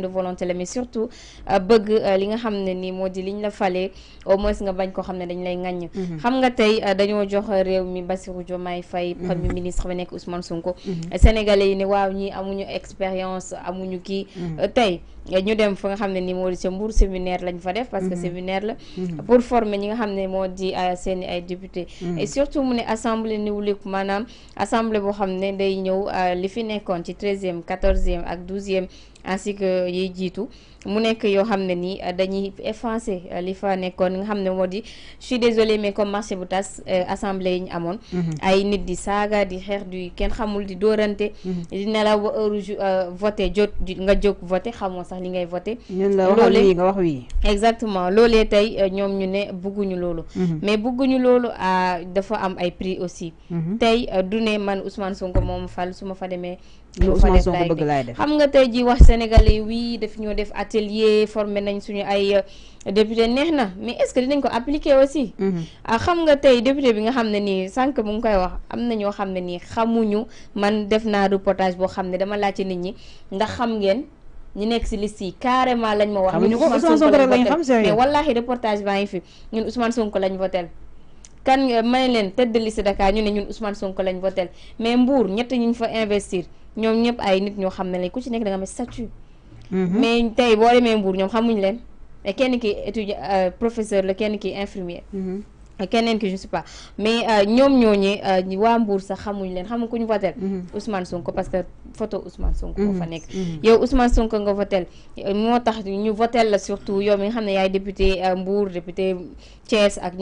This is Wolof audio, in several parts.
de volonté mais surtout euh, bëgg euh, li nga xamné ni modi liñ la falé au moins nga bañ ko xamné dañ lay ngagn mhm. xam nga tay euh, dañoo jox réew mi Bassirou Diomaye Faye mhm. premier ministre ba nek Ousmane Sonko mhm. sénégalais yi ne waaw ñi amuñu expérience amuñu ki tay ñu dem fa nga xamné ni modi séminaire lañ fa def parce que séminaire la pour former ñi nga xamné modi ay ay député et surtout mu ne assemblée niwulik manam assemblée pour xamné day ñëw li fi nekkoon ci treizième quatorzième ak douzième ainsi que yiy jiitu mu nek yo xamné ni dañuy effacer euh, li fa nga xamné modi je suis désolé mais comme marché bu euh, assemblée à ñu amone mm-hmm. ay nit di saga di xeex du ken xamul di dóorante mm-hmm. di nelaw heure euh, voté jot nga jóg voter xamo sax li ngay voté loolu nga wax wi exactement lolé tay ñom ñu ne bugguñu lolu mm-hmm. mais bugguñu lolu ah, dafa am ay prix aussi tay du man Ousmane Sonko mom fal suma fa démé Ousmane Sonko bëgg def xam nga tay ji wax sénégalais oui daf ñoo def atelier formé nañ suñu ay euh, député neex na mais est-ce que dinañ ko appliquer aussi. Mhm. ah xam nga tey député bi nga xam ne nii sànq mu nga koy wax am na ñoo xam ne nii xamuñu man def naa reportage boo xam ne dama laajte nit ñi ndax xam ngeen. ñu nekk si liste yi carrément lañ ma wax. xamuñu ko Ousmane Sonko lañ xam baa ngi fi ñun Ousmane Sonko lañ kan euh, ma ne leen te de liste Dakar ñu ne ñun Ousmane Sonko lañ votel mais Mbour ñett ñu fa investir ñoom ñëpp ay nit ñoo xam ne lañ ku ci nekk da nga am mhm. mais tey boo demee Mbour ñoom xamuñ leen. mais kenn ki étudiant euh, professeur la kenn ki infirmier. Mhm. keneen que je sais pas mais euh, ñom euh, Mbour xamuñ len mhm. Ousmane Sonko parce que photo Ousmane Sonko fa mhm. Mhm. Ousmane Sonko nga votel ñu votel la surtout yow mi député euh, Mbour député Thiès ak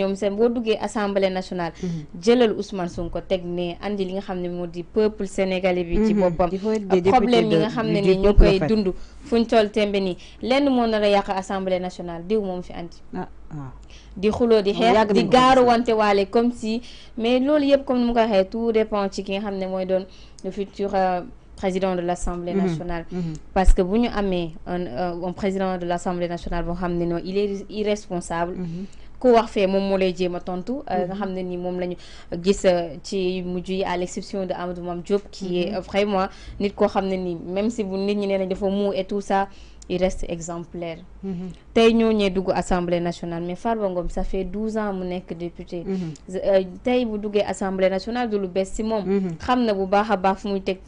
assemblée nationale jëlal Ousmane Sonko tek ne andi li nga peuple sénégalais problème nga Funtol, Tembeni, toll lenn assemblée nationale diw mom fi anti ah, ah. di xulo di xeex di garu wante comme si mais loolu comme ni ko tout dépend de ki nga le futur euh, président de l'assemblée mhm, nationale mhm. parce que si amé un, euh, un président de l'assemblée nationale il est irresponsable mhm ku wax fee moom moo lay jéem a tontu euh, mm-hmm. nga xam ni moom la ñu gis euh, ci mujj yi à l'exception de Amadou mam Diop qui mm-hmm. est vraiment nit koo xam ni même si bu nit ñi nee nañ dafa muu et tout ça il reste exemplaire mm-hmm. tey ñoo ñee dugg assemblée nationale mais Farba Ngom ça fait 12 ans mu nekk député euh, tey bu duggee assemblée nationale du lu bees si moom xam na bu baax baax fu muy teg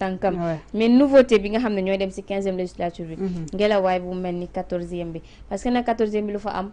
mais nouveauté bi nga xam ne ñooy dem 15e législature bi ngelawaay bu mel 14e bi parce que nag quatorzième bi lu fa am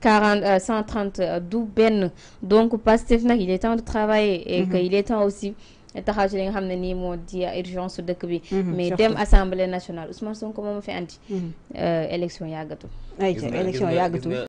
40, 130 euh, euh, donc Pastef nak il est temps de travailler et mhm. que il est temps aussi taxaw ci li nga xam ne nii moo di urgence dëkk bi mhm, mais dem assemblée nationale Ousmane Sonko moom a fi andi mhm. euh, élection yàggatul ay élection yàggatul